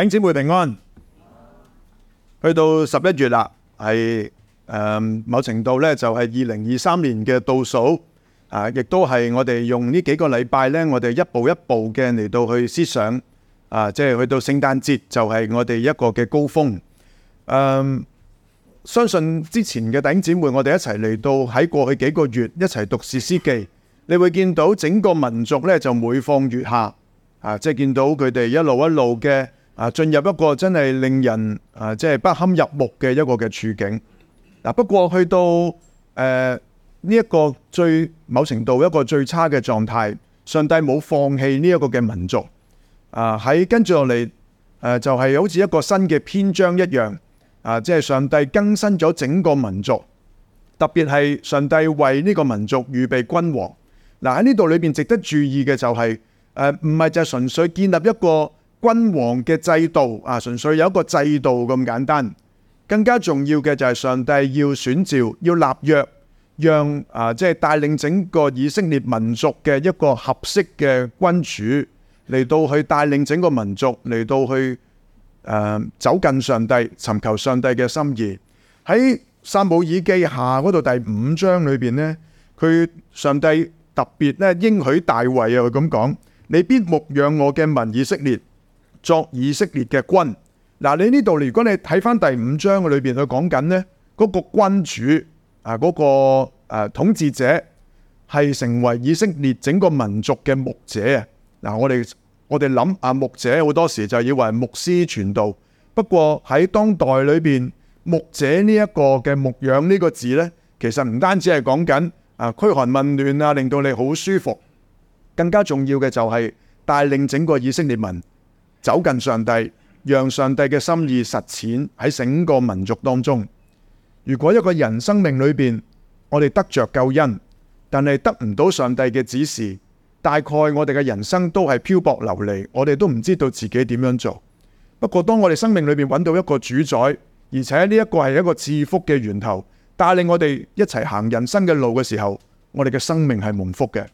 弟姊妹平安，去到十一月啦，係誒、嗯、某程度呢就係二零二三年嘅倒數啊，亦都係我哋用呢幾個禮拜呢，我哋一步一步嘅嚟到去思想啊，即係去到聖誕節就係我哋一個嘅高峰。誒、啊，相信之前嘅弟姊妹，我哋一齊嚟到喺過去幾個月一齊讀士師記，你會見到整個民族呢，就每況愈下啊，即係見到佢哋一路一路嘅。啊，進入一個真係令人啊，即係不堪入目嘅一個嘅處境。嗱，不過去到誒呢一個最某程度一個最差嘅狀態，上帝冇放棄呢一個嘅民族。啊、呃，喺跟住落嚟誒，就係、是、好似一個新嘅篇章一樣。啊、呃，即、就、係、是、上帝更新咗整個民族，特別係上帝為呢個民族預備君王。嗱、呃，喺呢度裏邊值得注意嘅就係、是、誒，唔係就係純粹建立一個。君王嘅制度啊，純粹有一個制度咁簡單。更加重要嘅就係上帝要選召，要立約，讓啊即係帶領整個以色列民族嘅一個合適嘅君主嚟到去帶領整個民族嚟到去誒走近上帝，尋求上帝嘅心意。喺《撒母耳記》下嗰度第五章裏邊咧，佢上帝特別咧應許大衛又咁講：你必牧養我嘅民以色列。作以色列嘅君。嗱，你呢度，如果你睇翻第五章嘅裏邊佢講緊咧，嗰個君主啊，嗰個誒統治者係成為以色列整個民族嘅牧者啊。嗱，我哋我哋諗啊，牧者好多時就以為牧師傳道，不過喺當代裏邊，牧者呢一個嘅牧養呢個字呢，其實唔單止係講緊啊驅寒問暖啊，令到你好舒服，更加重要嘅就係帶領整個以色列民。走近上帝，讓上帝嘅心意實踐喺整個民族當中。如果一個人生命裏邊，我哋得着救恩，但係得唔到上帝嘅指示，大概我哋嘅人生都係漂泊流離，我哋都唔知道自己點樣做。不過當我哋生命裏邊揾到一個主宰，而且呢一個係一個賜福嘅源頭，帶領我哋一齊行人生嘅路嘅時候，我哋嘅生命係蒙福嘅。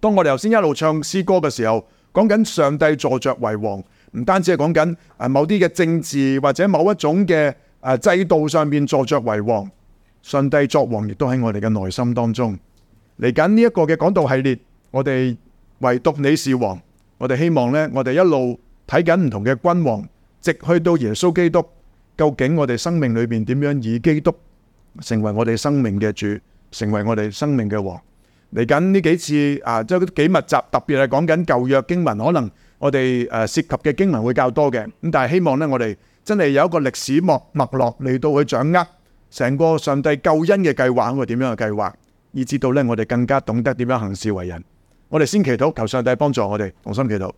當我哋頭先一路唱詩歌嘅時候，講緊上帝坐着為王，唔單止係講緊啊某啲嘅政治或者某一種嘅啊制度上面坐着為王，上帝作王亦都喺我哋嘅內心當中。嚟緊呢一個嘅講道系列，我哋唯獨祢是王。我哋希望呢，我哋一路睇緊唔同嘅君王，直去到耶穌基督。究竟我哋生命裏邊點樣以基督成為我哋生命嘅主，成為我哋生命嘅王？嚟緊呢幾次啊，即係幾密集，特別係講緊舊約經文，可能我哋誒、啊、涉及嘅經文會較多嘅。咁但係希望呢，我哋真係有一個歷史脈脈絡嚟到去掌握成個上帝救恩嘅計劃，會點樣嘅計劃，以至到呢，我哋更加懂得點樣行事為人。我哋先祈禱，求上帝幫助我哋同心祈禱。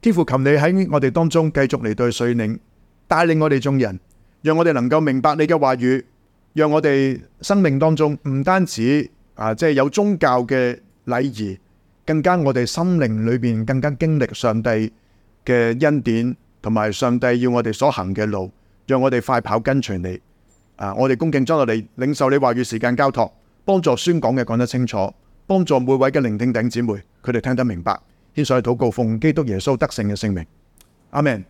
天父，求你喺我哋當中繼續嚟到率領帶領我哋眾人，讓我哋能夠明白你嘅話語，讓我哋生命當中唔單止。.啊！即係有宗教嘅禮儀，更加我哋心靈裏邊更加經歷上帝嘅恩典，同埋上帝要我哋所行嘅路，讓我哋快跑跟隨你。啊！我哋恭敬將我哋領受你話語時間交託，幫助宣講嘅講得清楚，幫助每位嘅聆聽弟兄姊妹，佢哋聽得明白。先上去禱告，奉基督耶穌得勝嘅聖名。阿門。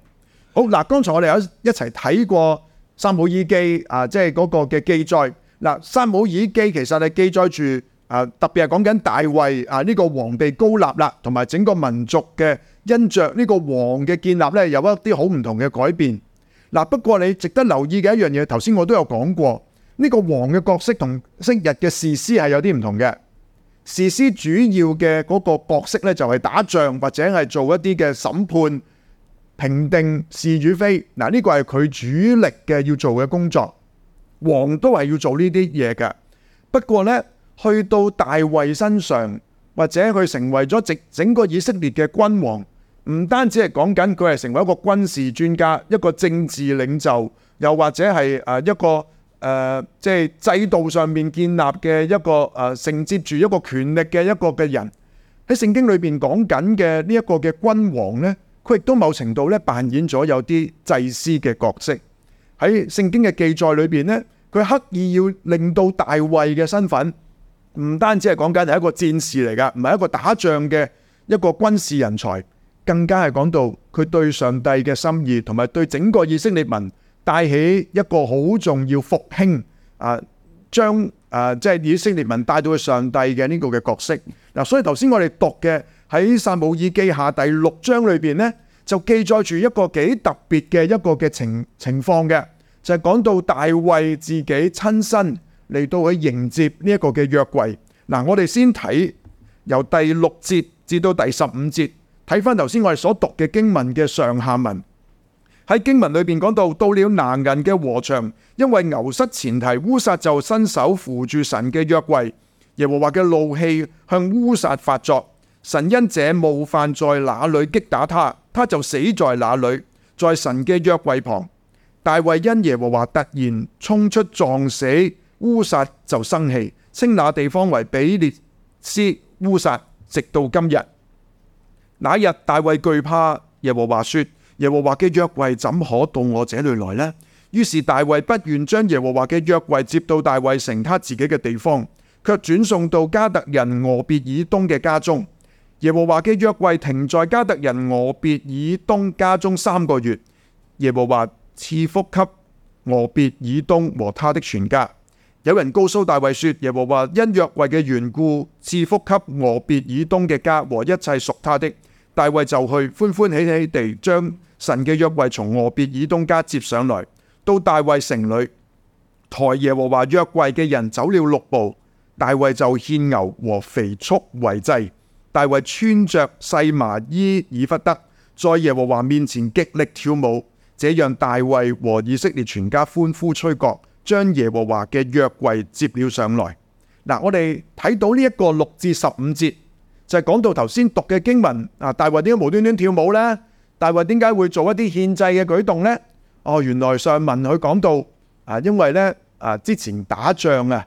好嗱，剛、啊、才我哋一一齊睇過《撒母耳記》，啊，即係嗰個嘅記載。嗱，《撒母耳記》其實係記載住啊，特別係講緊大衛啊呢個王被高立啦，同埋整個民族嘅因着呢、呢個王嘅建立咧，有一啲好唔同嘅改變。嗱，不過你值得留意嘅一樣嘢，頭先我都有講過，呢、呢個王嘅角色同昔日嘅士師係有啲唔同嘅。士師主要嘅嗰個角色呢，就係打仗或者係做一啲嘅審判、評定是與非。嗱，呢個係佢主力嘅要做嘅工作。王都係要做呢啲嘢嘅。不過呢，去到大衛身上或者佢成為咗整整個以色列嘅君王，唔單止係講緊佢係成為一個軍事專家、一個政治領袖，又或者係誒一個誒即係制度上面建立嘅一個誒、呃、承接住一個權力嘅一個嘅人。喺聖經裏邊講緊嘅呢一個嘅君王呢，佢亦都某程度咧扮演咗有啲祭司嘅角色。喺聖經嘅記載裏邊呢，佢刻意要令到大衛嘅身份唔單止係講緊係一個戰士嚟㗎，唔係一個打仗嘅一個軍事人才，更加係講到佢對上帝嘅心意，同埋對整個以色列民帶起一個好重要復興啊，將啊即係、就是、以色列民帶到去上帝嘅呢個嘅角色。嗱，所以頭先我哋讀嘅喺撒母耳記下第六章裏邊呢，就記載住一個幾特別嘅一個嘅情情況嘅，就係、是、講到大衛自己親身嚟到去迎接呢一個嘅約櫃。嗱，我哋先睇由第六節至到第十五節，睇翻頭先我哋所讀嘅經文嘅上下文。喺經文裏邊講到，到了拿艮嘅禾場，因為牛失前蹄，烏撒就伸手扶住神嘅約櫃，耶和華嘅怒氣向烏撒發作。神因這冒犯在那裡擊打他，他就死在那裡，在神嘅約櫃旁。大衛因耶和華突然衝出撞死烏撒，烏撒就生氣，稱那地方為比列斯烏撒，直到今日。那日大衛懼怕耶和華說：耶和華嘅約櫃怎可到我這裡來呢？於是大衛不願將耶和華嘅約櫃接到大衛城他自己嘅地方，卻轉送到迦特人俄別以東嘅家中。耶和華嘅約櫃停在加特人俄別以東家中三個月，耶和華賜福給俄別以東和他的全家。有人告訴大衛說：耶和華因約櫃嘅緣故賜福給俄別以東嘅家和一切屬他的。大衛就去歡歡喜喜地將神嘅約櫃從俄別以東家接上來，到大衛城裏抬耶和華約櫃嘅人走了六步，大衛就獻牛和肥畜為祭。大衛穿着細麻衣以弗得，在耶和華面前極力跳舞，這樣大衛和以色列全家歡呼吹角，將耶和華嘅約櫃接了上來。嗱，我哋睇到呢一個六至十五節，就係講到頭先讀嘅經文啊。大衛點解無端端跳舞呢？大衛點解會做一啲獻祭嘅舉動呢？哦，原來上文佢講到啊，因為呢啊之前打仗啊。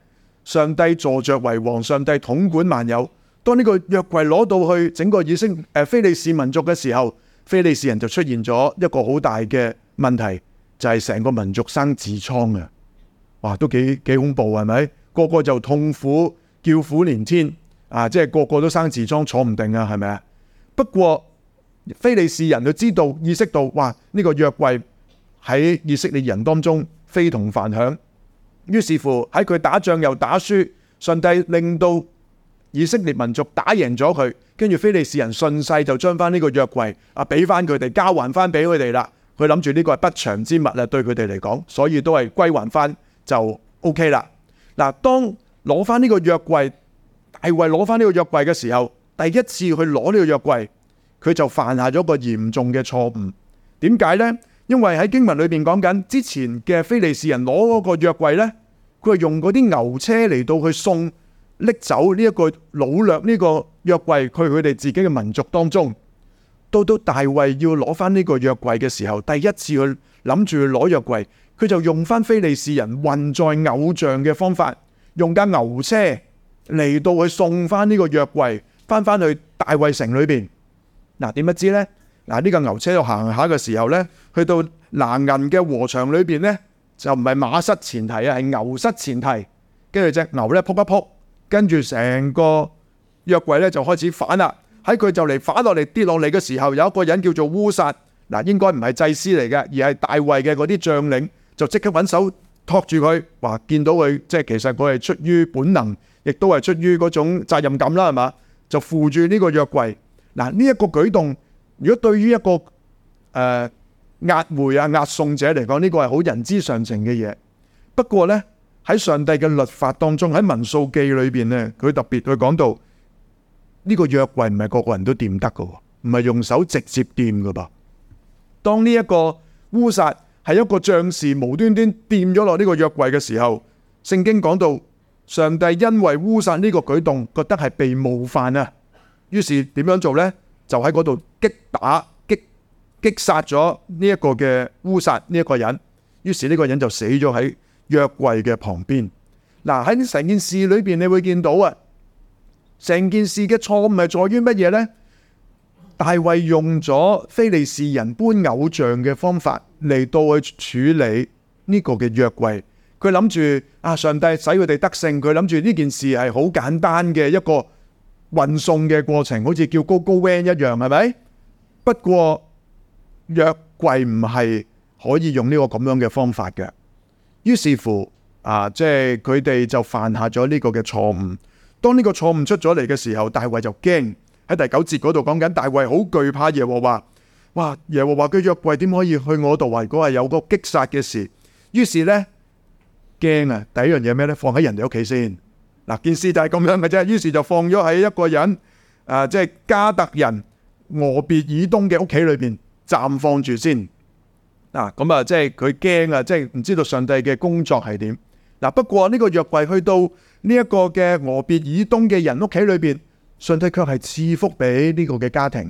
上帝坐着為皇，上帝統管萬有。當呢個約櫃攞到去整個以色列誒，非利士民族嘅時候，非利士人就出現咗一個好大嘅問題，就係、是、成個民族生痔瘡嘅。哇，都幾幾恐怖係咪？個個就痛苦叫苦連天啊！即係個個都生痔瘡，坐唔定啊，係咪？不過非利士人就知道意識到，哇！呢、這個約櫃喺以色列人當中非同凡響。於是乎喺佢打仗又打輸，上帝令到以色列民族打贏咗佢，跟住非利士人順勢就將翻呢個約櫃啊俾翻佢哋，交還翻俾佢哋啦。佢諗住呢個係不祥之物啦，對佢哋嚟講，所以都係歸還翻就 O K 啦。嗱，當攞翻呢個約櫃，大衛攞翻呢個約櫃嘅時候，第一次去攞呢個約櫃，佢就犯下咗個嚴重嘅錯誤。點解呢？因為喺經文裏邊講緊之前嘅非利士人攞嗰個約櫃呢，佢係用嗰啲牛車嚟到，這個，去送拎走呢一個擄掠呢個約櫃去佢哋自己嘅民族當中。到到大衛要攞翻呢個約櫃嘅時候，第一次去諗住去攞約櫃，佢就用翻非利士人運載偶像嘅方法，用架牛車嚟到去送翻呢個約櫃翻返去大衛城裏邊。嗱，點不知道呢？嗱、這、呢個牛車喺度行下嘅時候呢，去到拿銀嘅禾場裏面，呢就唔係馬失前蹄啊，係牛失前蹄。跟住隻牛呢撲一撲，跟住成個約櫃呢就開始反啦。喺佢就嚟反落嚟跌落嚟嘅時候，有一個人叫做烏撒，嗱應該唔係祭司嚟嘅，而係大衛嘅嗰啲將領，就即刻揾手托住佢，話見到佢即係其實佢係出於本能，亦都係出於嗰種責任感啦，係嘛？就扶住呢個約櫃。嗱呢一個舉動。如果對於一個誒壓、呃、回啊壓送者嚟講，呢、這個係好人之常情嘅嘢。不過呢，喺上帝嘅律法當中，喺民數記裏邊咧，佢特別佢講到呢個約櫃唔係個個人都掂得㗎，唔係用手直接掂㗎噃。當呢一個烏撒係一個將士無端端掂咗落呢個約櫃嘅時候，聖經講到上帝因為烏撒呢個舉動覺得係被冒犯啊，於是點樣做呢？就喺嗰度擊打、擊擊殺咗呢一個嘅烏撒呢一個人，於是呢個人就死咗喺約櫃嘅旁邊。嗱，喺成件事裏邊，你會見到啊，成件事嘅錯誤係在於乜嘢呢？大衛用咗非利士人搬偶像嘅方法嚟到去處理呢個嘅約櫃，佢諗住啊，上帝使佢哋得勝，佢諗住呢件事係好簡單嘅一個。運送嘅過程好似叫高高 w a n 一樣，係咪？不過約櫃唔係可以用呢個咁樣嘅方法嘅。於是乎，啊，即係佢哋就犯下咗呢個嘅錯誤。當呢個錯誤出咗嚟嘅時候，大衛就驚，喺第九節嗰度講緊，大衛好懼怕耶和華。哇！耶和華佢約櫃點可以去我度？如果係有個擊殺嘅事，於是呢，驚啊！第一樣嘢咩呢？放喺人哋屋企先。嗱，件事就係咁樣嘅啫，於是就放咗喺一個人，誒，啊，即係加特人俄別以東嘅屋企裏邊暫放住先。嗱，咁啊，即係佢驚啊，即係唔知道上帝嘅工作係點。嗱，不過呢個約櫃去到呢一個嘅俄別以東嘅人屋企裏邊，上帝卻係賜福俾呢個嘅家庭。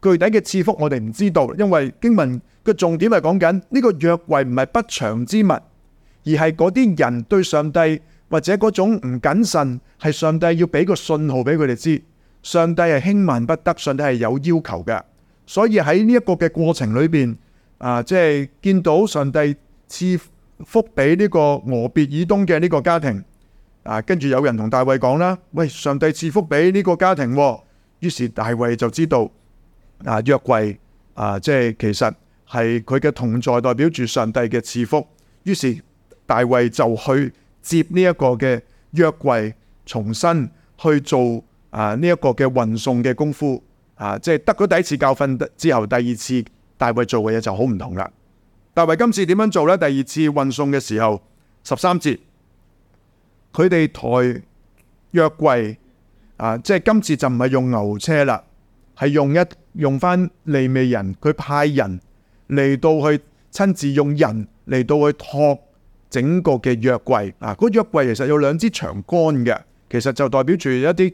具體嘅賜福我哋唔知道，因為經文嘅重點係講緊呢個約櫃唔係不祥之物，而係嗰啲人對上帝或者嗰種唔謹慎，係上帝要俾個信號俾佢哋知，上帝係輕慢不得，上帝係有要求嘅。所以喺呢一個嘅過程裏邊，啊，即係見到上帝賜福俾呢個俄別以東嘅呢個家庭，啊，跟住有人同大衛講啦，喂，上帝賜福俾呢個家庭啊，於是大衛就知道，啊，約櫃，啊，即係其實係佢嘅同在，代表住上帝嘅賜福，於是大衛就去。接呢一個嘅約櫃重新去做啊，呢一個嘅運送嘅功夫啊，即係得咗第一次教訓之後，第二次大衛做嘅嘢就好唔同啦。大衛今次點樣做呢？第二次運送嘅時候，十三節，佢哋抬約櫃啊，即係今次就唔係用牛車啦，係用一用翻利未人，佢派人嚟到去親自用人嚟到去托。整個嘅約櫃啊，嗰約櫃其實有兩支長杆嘅，其實就代表住一啲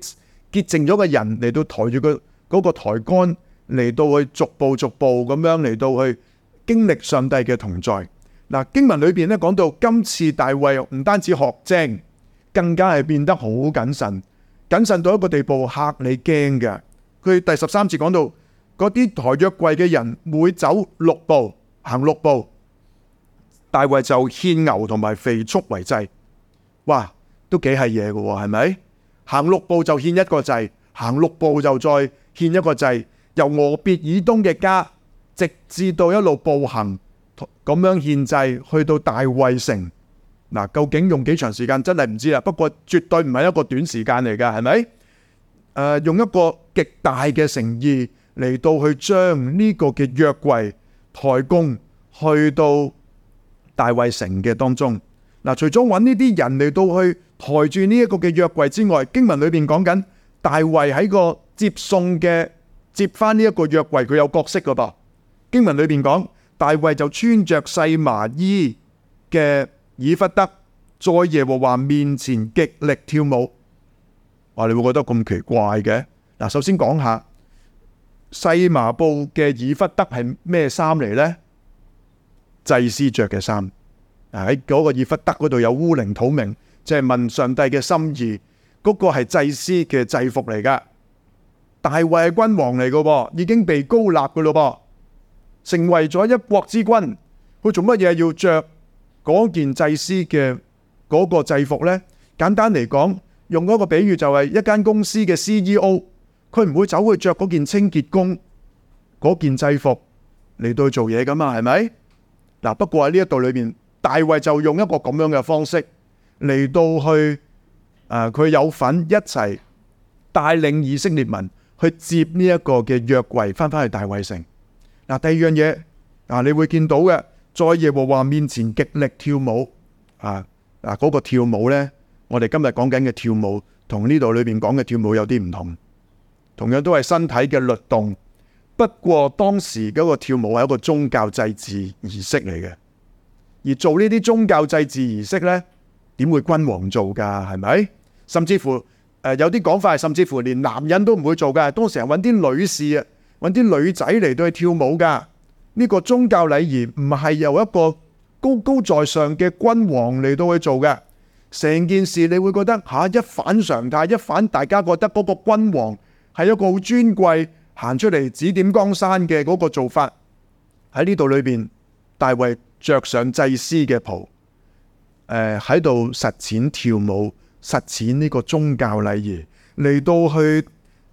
潔淨咗嘅人嚟到抬住個嗰個抬杆嚟到去逐步逐步咁樣嚟到去經歷上帝嘅同在。嗱，經文裏邊咧，講到今次大衛唔單止學精，更加係變得好謹慎，謹慎到一個地步嚇你驚嘅。佢第十三節講到嗰啲抬約櫃嘅人每走六步行六步。大衛就獻牛同埋肥畜為祭，哇，都幾係嘢嘅，係咪行六步就獻一個祭，行六步就再獻一個祭，由俄別以東嘅家，直至到一路步行咁樣獻祭，去到大衛城。嗱、啊，究竟用幾長時間真係唔知啦。不過絕對唔係一個短時間嚟噶，係咪？誒、啊，用一個極大嘅誠意嚟到去將呢個嘅約櫃抬公去到。大衛城嘅當中，嗱，除咗搵呢啲人嚟到去抬住呢一個嘅約櫃之外，經文裏邊講緊大衛喺個接送嘅接翻呢一個約櫃，佢有角色噶噃。經文裏邊講大衛就穿着細麻衣嘅以弗得，在耶和華面前極力跳舞。哇，你會覺得咁奇怪嘅？嗱，首先講下細麻布嘅以弗得係咩衫嚟呢？祭司着嘅衫，啊喺嗰個以弗得嗰度有烏靈土明，即係問上帝嘅心意。嗰個係祭司嘅制服嚟噶，大衛係君王嚟喎，已經被高立噶咯噃，成為咗一國之君。佢做乜嘢要着嗰件祭司嘅嗰個制服呢？簡單嚟講，用嗰個比喻就係一間公司嘅 CEO，佢唔會走去着嗰件清潔工嗰件制服嚟到去做嘢噶嘛？係咪？嗱，不過喺呢一度裏邊，大衛就用一個咁樣嘅方式嚟到去，誒、啊，佢有份一齊帶領以色列民去接呢一個嘅約櫃翻返去大衛城。嗱、啊，第二樣嘢，嗱、啊，你會見到嘅，在耶和華面前極力跳舞，啊，嗱、啊，嗰、那個跳舞呢，我哋今日講緊嘅跳舞，同呢度裏邊講嘅跳舞有啲唔同，同樣都係身體嘅律動。不過當時嗰個跳舞係一個宗教祭祀儀式嚟嘅，而做呢啲宗教祭祀儀式呢，點會君王做噶？係咪？甚至乎誒、呃，有啲講法係，甚至乎連男人都唔會做噶。當時係搵啲女士搵啲女仔嚟到去跳舞噶。呢、這個宗教禮儀唔係由一個高高在上嘅君王嚟到去做嘅。成件事你會覺得吓、啊、一反常態，一反大家覺得嗰個君王係一個好尊貴行出嚟指點江山嘅嗰個做法，喺呢度裏面，大衛着上祭司嘅袍，喺、呃、度實踐跳舞、實踐呢個宗教禮儀，嚟到去誒、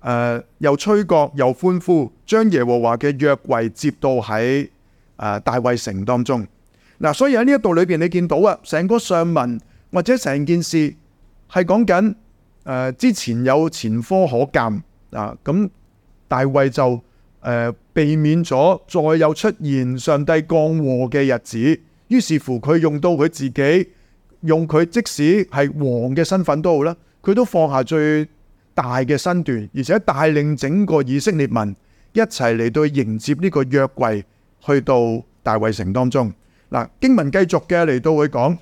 呃、又吹角又歡呼，將耶和華嘅約櫃接到喺、呃、大衛城當中。嗱、呃，所以喺呢一度裏面你見到啊，成個上文或者成件事係講緊誒之前有前科可鑑啊咁。呃大衛就誒、呃、避免咗再有出現上帝降禍嘅日子，於是乎佢用到佢自己，用佢即使係王嘅身份都好啦，佢都放下最大嘅身段，而且帶領整個以色列民一齊嚟到迎接呢個約櫃去到大衛城當中。嗱、啊，經文繼續嘅嚟到佢講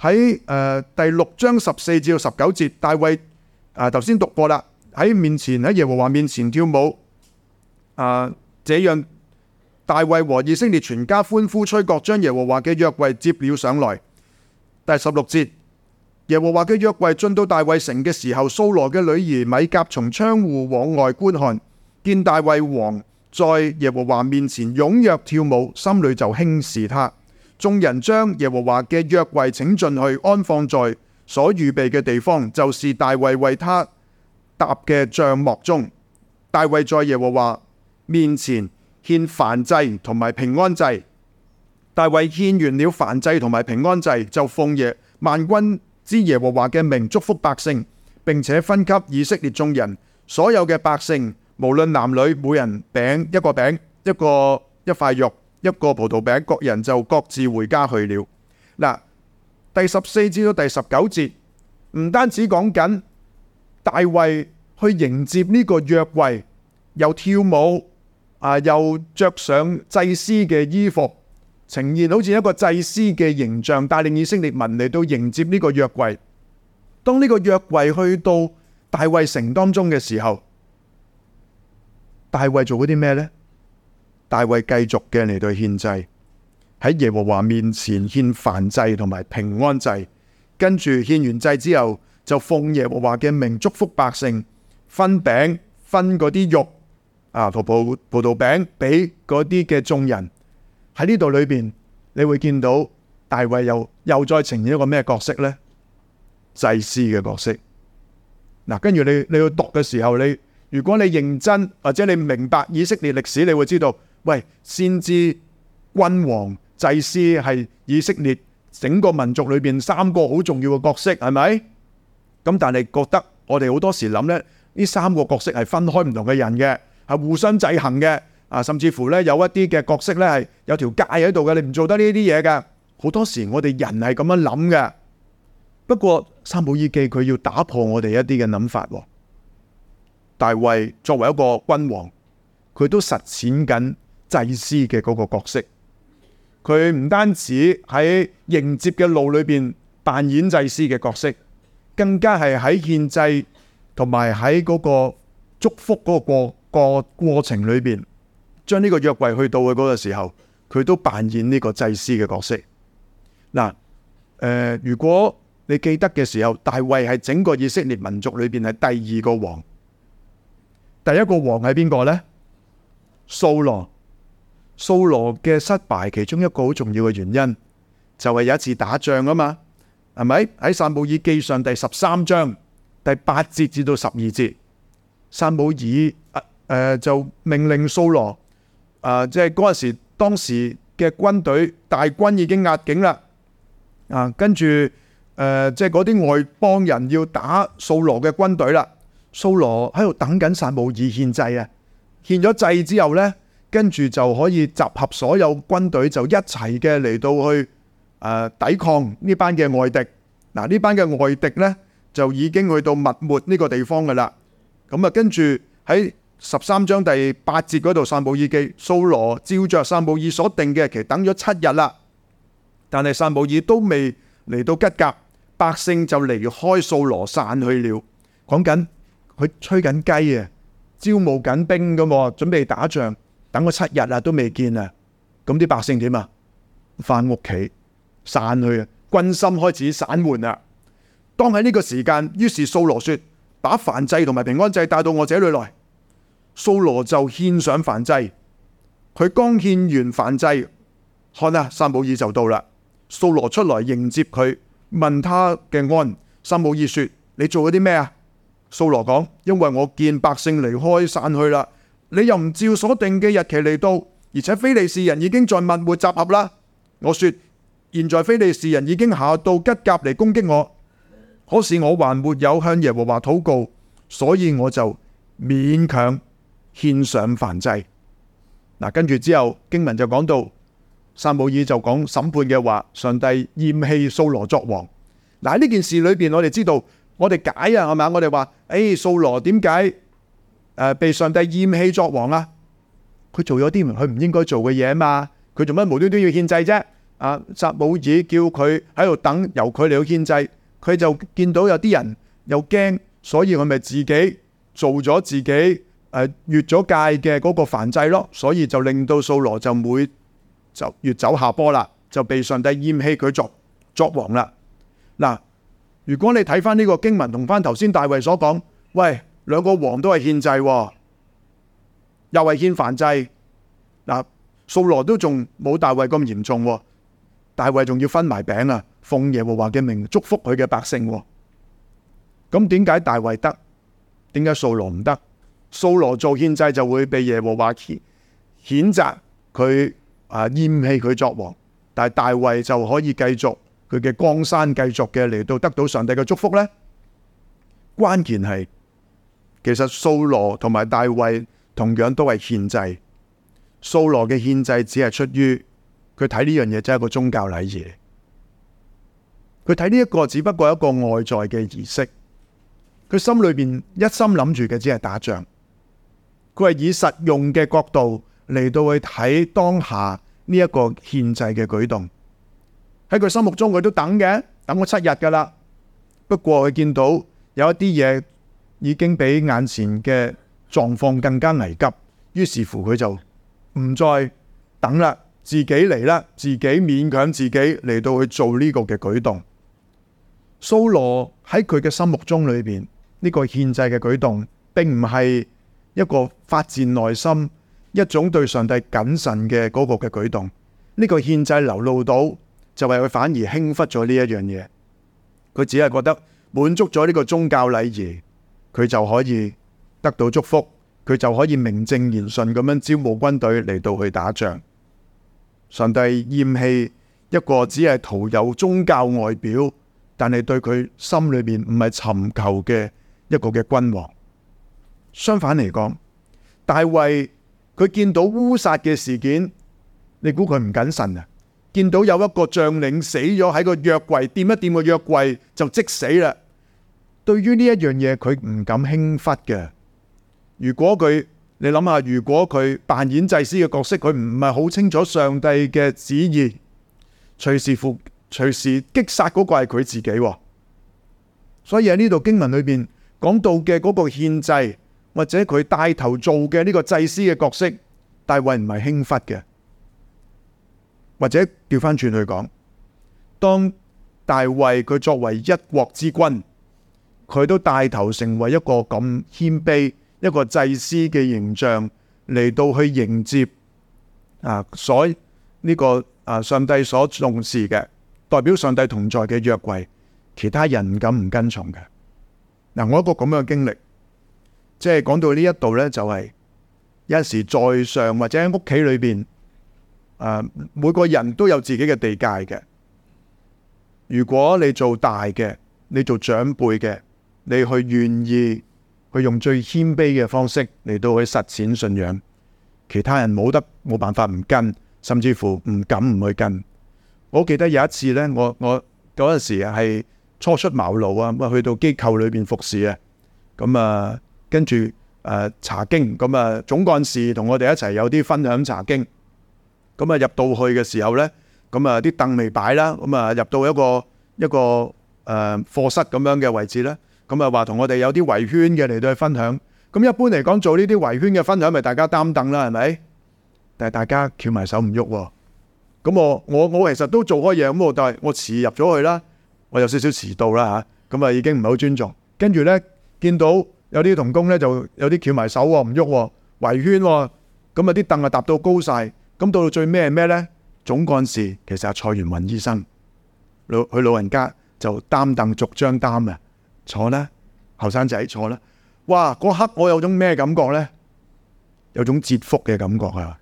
喺誒第六章十四至到十九節，大衛啊頭先讀過啦，喺面前喺耶和華面前跳舞。啊！這樣，大衛和以色列全家歡呼吹角，將耶和華嘅約櫃接了上來。第十六節，耶和華嘅約櫃進到大衛城嘅時候，掃羅嘅女兒米甲從窗戶往外觀看，見大衛王在耶和華面前踴躍跳舞，心裏就輕視他。眾人將耶和華嘅約櫃請進去，安放在所預備嘅地方，就是大衛為他搭嘅帳幕中。大衛在耶和華面前獻燔祭同埋平安祭，大衛獻完了燔祭同埋平安祭，就奉耶萬軍之耶和華嘅名祝福百姓，並且分給以色列眾人所有嘅百姓，無論男女，每人餅一個餅，一個一塊肉，一個葡萄餅，各人就各自回家去了。嗱，第十四至到第十九節，唔單止講緊大衛去迎接呢個約櫃，又跳舞。啊！又着上祭司嘅衣服，呈現好似一個祭司嘅形象，帶領以色列民嚟到迎接呢個約櫃。當呢個約櫃去到大衛城當中嘅時候，大衛做咗啲咩呢？大衛繼續嘅嚟到獻祭，喺耶和華面前獻燔祭同埋平安祭，跟住獻完祭之後就奉耶和華嘅名祝福百姓，分餅分嗰啲肉。啊！葡萄葡萄餅俾嗰啲嘅眾人喺呢度裏邊，你會見到大衛又又再呈現一個咩角色呢？祭司嘅角色嗱，啊，跟住你你要讀嘅時候，你如果你認真或者你明白以色列歷史，你會知道喂，先知君王祭司係以色列整個民族裏邊三個好重要嘅角色，係咪？咁但係你覺得我哋好多時諗咧，呢三個角色係分開唔同嘅人嘅。係互相制衡嘅啊，甚至乎咧有一啲嘅角色呢係有條界喺度嘅。你唔做得呢啲嘢嘅。好多時我哋人係咁樣諗嘅。不過撒母耳記，佢要打破我哋一啲嘅諗法，哦。大衛作為一個君王，佢都實踐緊祭司嘅嗰個角色。佢唔單止喺迎接嘅路裏邊扮演祭司嘅角色，更加係喺獻祭同埋喺嗰個祝福嗰個過個過程裏邊，將呢個約櫃去到嘅嗰個時候，佢都扮演呢個祭司嘅角色。嗱，誒、呃，如果你記得嘅時候，大衛係整個以色列民族裏邊係第二個王，第一個王係邊個呢？掃羅，掃羅嘅失敗其中一個好重要嘅原因，就係、是、有一次打仗啊嘛，係咪？喺撒母耳記上第十三章第八節至到十二節，撒母耳誒、呃，就命令掃羅，啊、呃，即係嗰陣時，當時嘅軍隊大軍已經壓境啦，啊，跟住誒，即係嗰啲外邦人要打掃羅嘅軍隊啦，掃羅喺度等緊撒母耳獻祭啊，獻咗祭之後呢，跟住就可以集合所有軍隊，就一齊嘅嚟到去誒、呃、抵抗班、啊、班呢班嘅外敵。嗱，呢班嘅外敵呢就已經去到密抹呢個地方噶啦，咁啊，跟住喺。十三章第八節嗰度，撒母耳記，掃羅照着撒母耳所定嘅期等咗七日啦，但係撒母耳都未嚟到吉甲，百姓就離開掃羅散去了。講緊佢吹緊雞啊，招募緊兵噶準備打仗，等咗七日啦，都未見啊，咁啲百姓點啊？翻屋企散去啊，軍心開始散渙啦。當喺呢個時間，於是掃羅說：把燔祭同埋平安祭帶到我這裏來。掃羅就獻上燔祭，佢剛獻完燔祭，看啊，撒母耳就到啦。掃羅出來迎接佢，問他嘅安。撒母耳說：你做咗啲咩啊？掃羅講：因為我見百姓離開散去啦，你又唔照所定嘅日期嚟到，而且非利士人已經在密抹集合啦。我說：現在非利士人已經下到吉甲嚟攻擊我，可是我還沒有向耶和華禱告，所以我就勉強。獻上燔祭，嗱，跟住之後經文就講到，撒母耳就講審判嘅話，上帝厭棄掃羅作王。嗱、啊、呢件事裏邊，我哋知道，我哋解啊，係咪我哋話，誒、哎，掃羅點解被上帝厭棄作王啊？佢做咗啲佢唔應該做嘅嘢啊嘛，佢做乜無端端要獻祭啫？啊，撒母耳叫佢喺度等，由佢嚟去獻祭，佢就見到有啲人又驚，所以我咪自己做咗自己。啊、越咗界嘅嗰個燔祭咯，所以就令到掃羅就每就越走下坡啦，就被上帝厭棄佢作作王啦。嗱、啊，如果你睇翻呢個經文同翻頭先大衛所講，喂，兩個王都係獻祭、啊，又係獻燔祭。嗱、啊，掃羅都仲冇大衛咁嚴重、啊，大衛仲要分埋餅啊，奉耶和華嘅名祝福佢嘅百姓、啊。咁點解大衛得？點解掃羅唔得？掃羅做獻祭就會被耶和華譴譴責佢啊，厭棄佢作王，但係大衛就可以繼續佢嘅江山，繼續嘅嚟到得到上帝嘅祝福咧。關鍵係其實掃羅同埋大衛同樣都係獻祭，掃羅嘅獻祭只係出於佢睇呢樣嘢，就係一個宗教禮儀。佢睇呢一個只不過一個外在嘅儀式，佢心裏邊一心諗住嘅只係打仗。佢係以實用嘅角度嚟到去睇當下呢一個獻祭嘅舉動，喺佢心目中佢都等嘅，等咗七日㗎喇。不過佢見到有一啲嘢已經比眼前嘅狀況更加危急，於是乎佢就唔再等啦，自己嚟啦，自己勉強自己嚟到去做呢個嘅舉動。掃羅喺佢嘅心目中裏邊呢個獻祭嘅舉動，並唔係。一個發自內心，一種對上帝謹慎嘅嗰個嘅舉動，呢個獻祭流露到就係佢反而輕忽咗呢一樣嘢。佢只係覺得滿足咗呢個宗教禮儀，佢就可以得到祝福，佢就可以名正言順咁樣招募軍隊嚟到去打仗。上帝厭棄一個只係徒有宗教外表，但係對佢心裏面唔係尋求嘅一個嘅君王。相反嚟講，大衛佢見到烏殺嘅事件，你估佢唔謹慎啊？見到有一個將領死咗喺個約櫃掂一掂個約櫃就即死啦。對於呢一樣嘢，佢唔敢輕忽嘅。如果佢，你諗下，如果佢扮演祭司嘅角色，佢唔係好清楚上帝嘅旨意，隨時乎隨時擊殺嗰個係佢自己。所以喺呢度經文裏邊講到嘅嗰個獻祭。或者佢帶頭做嘅呢個祭司嘅角色，大衛唔係輕忽嘅。或者調翻轉去講，當大衛佢作為一國之君，佢都帶頭成為一個咁謙卑、一個祭司嘅形象嚟到去迎接啊，所以呢個啊，上帝所重視嘅代表上帝同在嘅約櫃，其他人唔敢唔跟從嘅。嗱、啊，我一個咁樣嘅經歷。即係講到呢一度呢，就係、是、有陣時在上或者喺屋企裏面、啊，每個人都有自己嘅地界嘅。如果你做大嘅，你做長輩嘅，你去願意去用最謙卑嘅方式嚟到去實踐信仰，其他人冇得冇辦法唔跟，甚至乎唔敢唔去跟。我記得有一次呢，我我嗰陣時係初出茅廬啊，咁去到機構裏面服侍啊，咁、嗯、啊～跟住誒查經咁啊，總幹事同我哋一齊有啲分享查經。咁啊入到去嘅時候呢，咁啊啲凳未擺啦，咁啊入到一個一個誒課室咁樣嘅位置呢，咁啊話同我哋有啲圍圈嘅嚟到去分享。咁一般嚟講做呢啲圍圈嘅分享，咪大家擔凳啦，係咪？但係大家翹埋手唔喐喎。咁我我我其實都做開嘢咁但係我遲入咗去啦，我有少少遲到啦嚇。咁啊已經唔係好尊重。跟住呢，見到。有啲童工咧，就有啲翹埋手喎，唔喐喎，圍圈喎，咁啊啲凳啊搭到高晒。咁到到最尾係咩咧？總幹事其實係蔡元雲醫生，老佢老人家就擔凳逐張擔啊，坐啦，後生仔坐啦，哇！嗰刻我有種咩感覺咧？有種折福嘅感覺啊！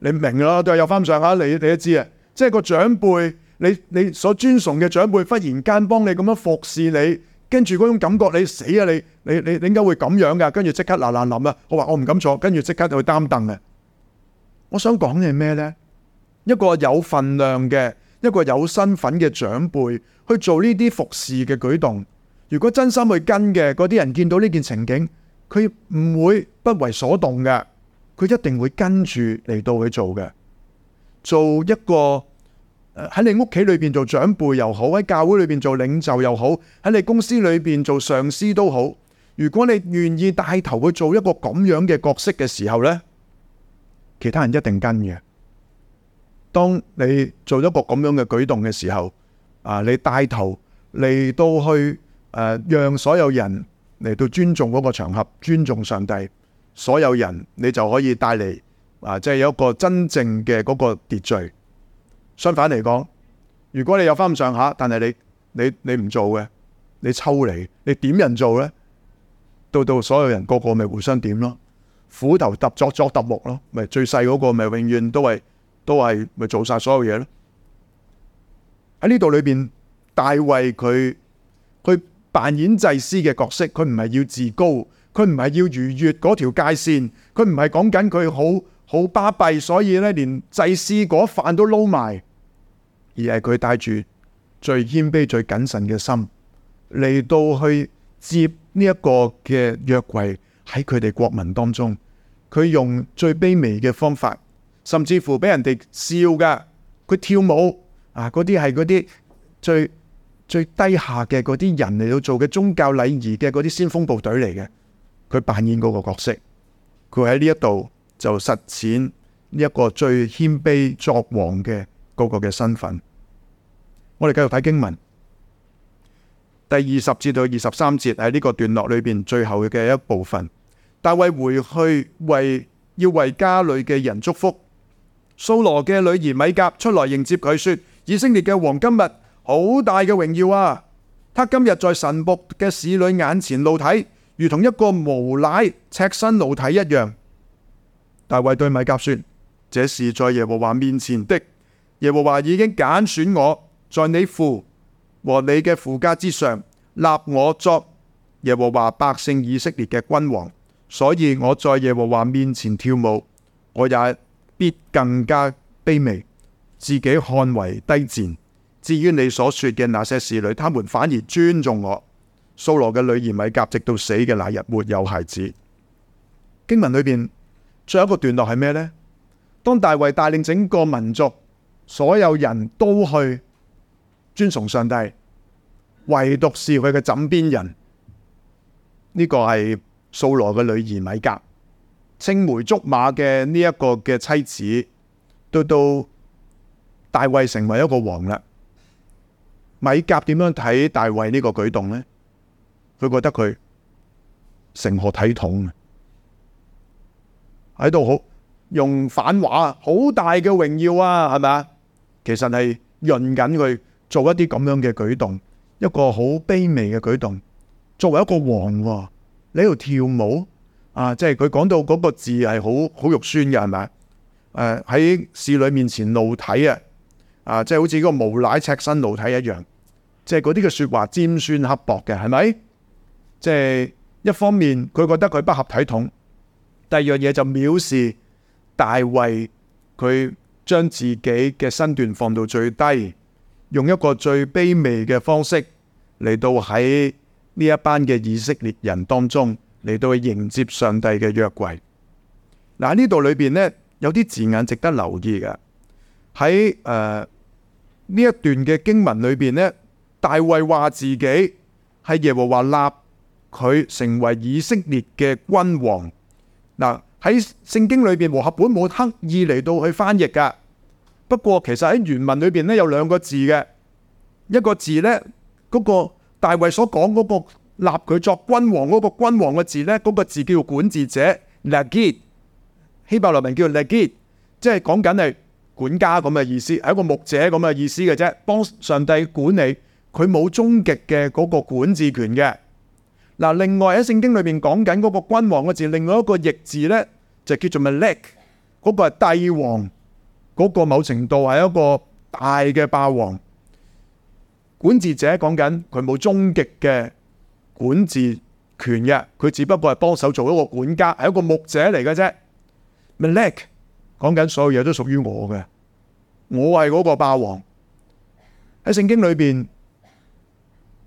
你明啦，我都係有翻咁上下，你你都知啊，即係個長輩，你你所尊崇嘅長輩，忽然間幫你咁樣服侍你。跟住嗰種感覺，你死啊！你你你你點解會咁樣噶？跟住即刻嗱嗱諗啦！我話我唔敢坐，跟住即刻去擔凳嘅。我想講嘅係咩呢？一個有份量嘅、一個有身份嘅長輩去做呢啲服侍嘅舉動，如果真心去跟嘅嗰啲人見到呢件情景，佢唔會不為所動嘅，佢一定會跟住嚟到去做嘅。做一個。喺你屋企裏邊做長輩又好，喺教會裏邊做領袖又好，喺你公司裏邊做上司都好。如果你願意帶頭去做一個咁樣嘅角色嘅時候呢，其他人一定跟嘅。當你做一個咁樣嘅舉動嘅時候，啊，你帶頭嚟到去誒，啊，讓所有人嚟到尊重嗰個場合，尊重上帝，所有人你就可以帶嚟啊，即係有一個真正嘅嗰個秩序。相反嚟講，如果你有翻咁上下，但係你你你唔做嘅，你抽離，你點人做呢？到到所有人個個咪互相點咯，斧頭揼鑿鑿揼木咯，咪最細嗰個咪永遠都係都係咪做晒所有嘢咯？喺呢度裏邊，大衛佢佢扮演祭司嘅角色，佢唔係要自高，佢唔係要逾越嗰條界線，佢唔係講緊佢好好巴閉，所以呢連祭司嗰飯都撈埋。而係佢帶住最謙卑、最謹慎嘅心嚟到去接呢一個嘅約櫃喺佢哋國民當中，佢用最卑微嘅方法，甚至乎俾人哋笑㗎。佢跳舞啊，嗰啲係嗰啲最最低下嘅嗰啲人嚟到做嘅宗教禮儀嘅嗰啲先鋒部隊嚟嘅，佢扮演嗰個角色。佢喺呢一度就實踐呢一個最謙卑作王嘅。各個嘅身份，我哋繼續睇經文第二十至到二十三節，喺呢個段落裏邊最後嘅一部分。大衛回去為要為家裏嘅人祝福，掃羅嘅女兒米甲出來迎接佢，說：以色列嘅黃金物，好大嘅榮耀啊！他今日在神僕嘅使女眼前露體，如同一個無賴赤身露體一樣。大衛對米甲說：這是在耶和華面前的。耶和華已經揀選我在你父和你嘅父家之上，立我作耶和華百姓以色列嘅君王，所以我在耶和華面前跳舞，我也必更加卑微，自己看為低賤。至於你所說嘅那些侍女，他們反而尊重我。掃羅嘅女兒米甲直到死嘅那日沒有孩子。經文裏邊最後一個段落係咩呢？當大衛帶領整個民族。所有人都去尊崇上帝，唯獨是佢嘅枕邊人，呢、這個係掃羅嘅女兒米甲，青梅竹馬嘅呢一個嘅妻子，到到大衛成為一個王啦。米甲點樣睇大衛呢個舉動咧？佢覺得佢成何體統啊！喺度好用反話，好大嘅榮耀啊，係咪啊？其實係潤緊佢做一啲咁樣嘅舉動，一個好卑微嘅舉動。作為一個王喎，你喺度跳舞啊，即係佢講到嗰個字係好好肉酸嘅，係咪？誒喺侍女面前露體啊，啊，即係、啊啊、好似個無賴赤身露體一樣，即係嗰啲嘅說話尖酸刻薄嘅，係咪？即係一方面佢覺得佢不合體統，第二樣嘢就藐視大衛佢。將自己嘅身段放到最低，用一個最卑微嘅方式嚟到喺呢一班嘅以色列人當中嚟到去迎接上帝嘅約櫃。嗱，喺呢度裏邊呢，有啲字眼值得留意嘅。喺誒呢一段嘅經文裏邊呢，大衛話自己係耶和華立佢成為以色列嘅君王。嗱、啊。喺聖經裏邊和合本冇刻意嚟到去翻譯㗎。不過其實喺原文裏邊咧有兩個字嘅，一個字咧嗰個大衛所講嗰個立佢作君王嗰個君王嘅字咧，嗰個字叫管治者 legit，希伯來文叫 legit，即係講緊係管家咁嘅意思，係一個牧者咁嘅意思嘅啫，幫上帝管理，佢冇終極嘅嗰個管治權嘅。嗱，另外喺聖經裏邊講緊嗰個君王嘅字，另外一個譯字呢，就叫做 Malak，嗰個係帝王，嗰、嗰個某程度係一個大嘅霸王。管治者講緊佢冇終極嘅管治權嘅，佢只不過係幫手做一個管家，係一個牧者嚟嘅啫。Malak 講緊所有嘢都屬於我嘅，我係嗰個霸王喺聖經裏邊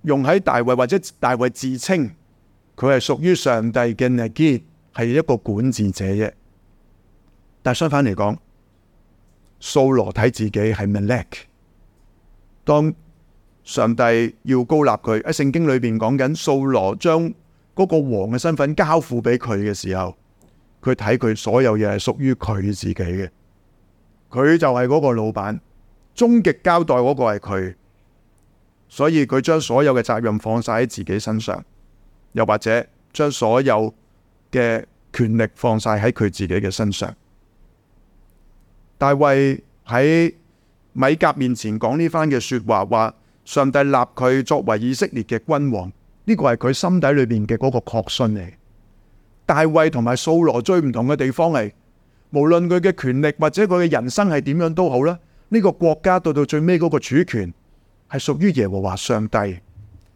用喺大衛或者大衛自稱，佢係屬於上帝嘅 Negid，係一個管治者啫。但相反嚟講，掃羅睇自己係 Melak。當上帝要高立佢喺聖經裏邊講緊，掃羅將嗰個王嘅身份交付俾佢嘅時候，佢睇佢所有嘢係屬於佢自己嘅。佢就係嗰個老闆，終極交代嗰個係佢。所以佢將所有嘅責任放晒喺自己身上，又或者將所有嘅權力放晒喺佢自己嘅身上。大衛喺米甲面前講呢番嘅說話，話上帝立佢作為以色列嘅君王，呢個係佢心底裏邊嘅嗰個確信嚟。大衛同埋掃羅最唔同嘅地方係，無論佢嘅權力或者佢嘅人生係點樣都好啦，呢個國家到到最尾嗰個主權。係屬於耶和華上帝，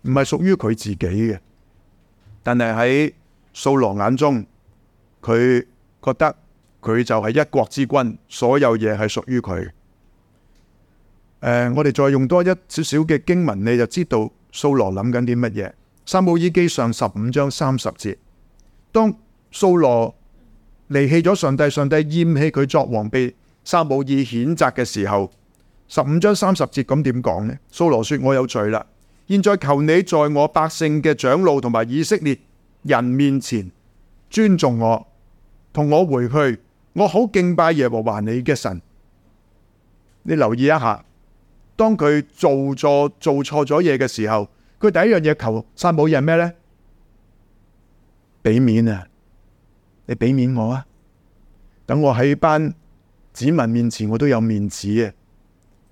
唔係屬於佢自己嘅。但係喺掃羅眼中，佢覺得佢就係一國之君，所有嘢係屬於佢。誒、呃，我哋再用多一少少嘅經文，你就知道掃羅諗緊啲乜嘢。撒母耳記上十五章三十節，當掃羅離棄咗上帝，上帝厭棄佢作王，被撒母耳譴責嘅時候。十五章三十節咁點講呢？蘇羅說，我有罪啦，現在求你在我百姓嘅長老同埋以色列人面前尊重我，同我回去。我好敬拜耶和華你嘅神。你留意一下，當佢做，做錯做錯咗嘢嘅時候，佢第一樣嘢求撒母耳咩呢？俾面啊！你俾面我啊！等我喺班子民面前，我都有面子啊。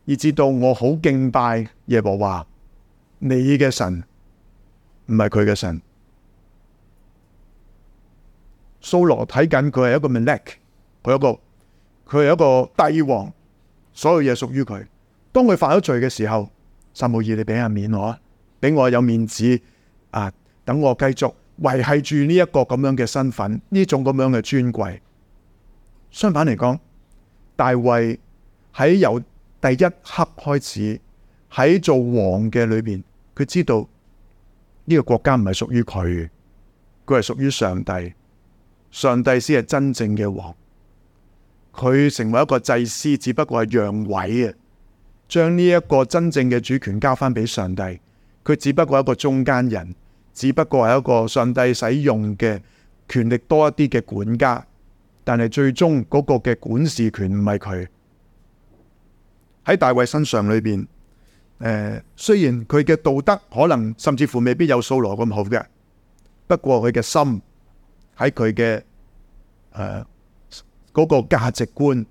以至到我好敬拜耶和華，你嘅神唔係佢嘅神。掃羅睇緊佢係一個 melek，佢一個佢係一個帝王，所有嘢屬於佢。當佢犯咗罪嘅時候，撒母耳你俾下面我，俾我有面子啊！等我繼續維繫住呢一個咁樣嘅身份，呢種咁樣嘅尊貴。相反嚟講，大衛喺有。第一刻開始喺做王嘅裏邊，佢知道呢個國家唔係屬於佢，佢係屬於上帝，上帝先係真正嘅王。佢成為一個祭司，只不過係讓位啊，將呢一個真正嘅主權交翻俾上帝。佢只不過係一個中間人，只不過係一個上帝使用嘅權力多一啲嘅管家，但係最終嗰個嘅管事權唔係佢。喺大衛身上裏邊，誒、呃，雖然佢嘅道德可能甚至乎未必有掃羅咁好嘅，不過佢嘅心喺佢嘅誒嗰個價值觀，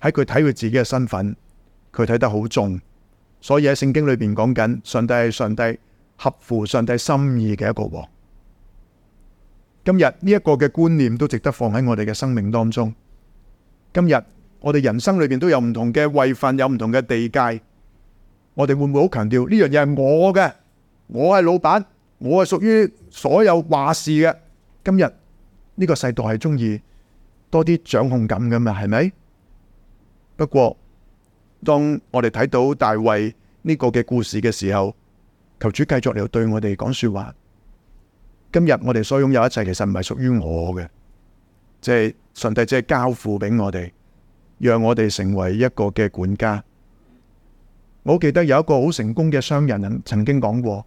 喺佢睇佢自己嘅身份，佢睇得好重，所以喺聖經裏邊講緊上帝係上帝合乎上帝心意嘅一個王。今日呢一個嘅觀念都值得放喺我哋嘅生命當中。今日。我哋人生裏邊都有唔同嘅位份，有唔同嘅地界。我哋會唔會好強調呢樣嘢係我嘅？我係老闆，我係屬於所有話事嘅。今日呢個世代係中意多啲掌控感噶嘛？係咪？不過當我哋睇到大衛呢個嘅故事嘅時候，求主繼續嚟對我哋講說話。今日我哋所擁有一切，其實唔係屬於我嘅，即係上帝即係交付俾我哋。讓我哋成為一個嘅管家。我記得有一個好成功嘅商人曾經講過，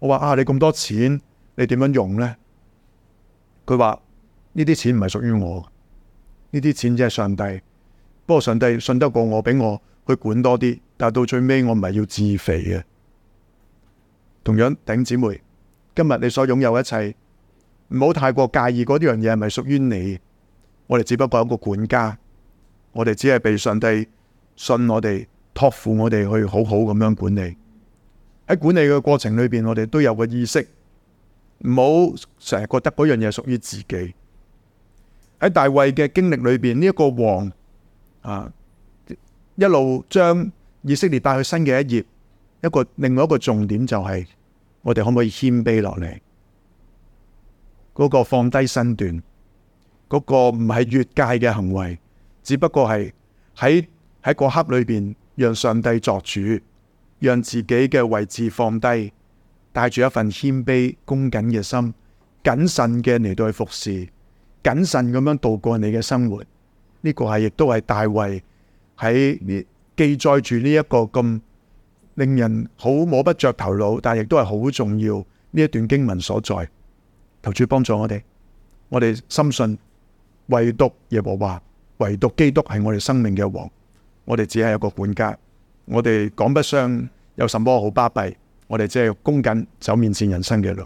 我話啊，你咁多錢，你點樣用呢？佢話呢啲錢唔係屬於我，呢啲錢只係上帝。不過上帝信得過我，俾我去管多啲。但係到最尾，我唔係要自肥嘅。同樣，弟兄姊妹，今日你所擁有一切，唔好太過介意嗰樣嘢係咪屬於你。我哋只不過係一個管家。我哋只係被上帝信我哋託付我哋去好好咁樣管理。喺管理嘅過程裏邊，我哋都有個意識，唔好成日覺得嗰樣嘢屬於自己。喺大衛嘅經歷裏邊，呢一個王啊一路將以色列帶去新嘅一頁。一個另外一個重點就係，我哋可唔可以謙卑落嚟？嗰個放低身段，嗰個唔係越界嘅行為。只不過係喺喺嗰刻裏邊，讓上帝作主，讓自己嘅位置放低，帶住一份謙卑、恭謹嘅心，謹慎嘅嚟到去服侍謹慎咁樣度過你嘅生活。呢個係亦都係大衛喺記載住呢一個咁令人好摸不着頭腦，但亦都係好重要呢一段經文所在。求主幫助我哋，我哋深信唯獨耶和華。唯獨基督係我哋生命嘅王，我哋只係一個管家，我哋講不上有什麼好巴閉，我哋只係攻緊走面前人生嘅路。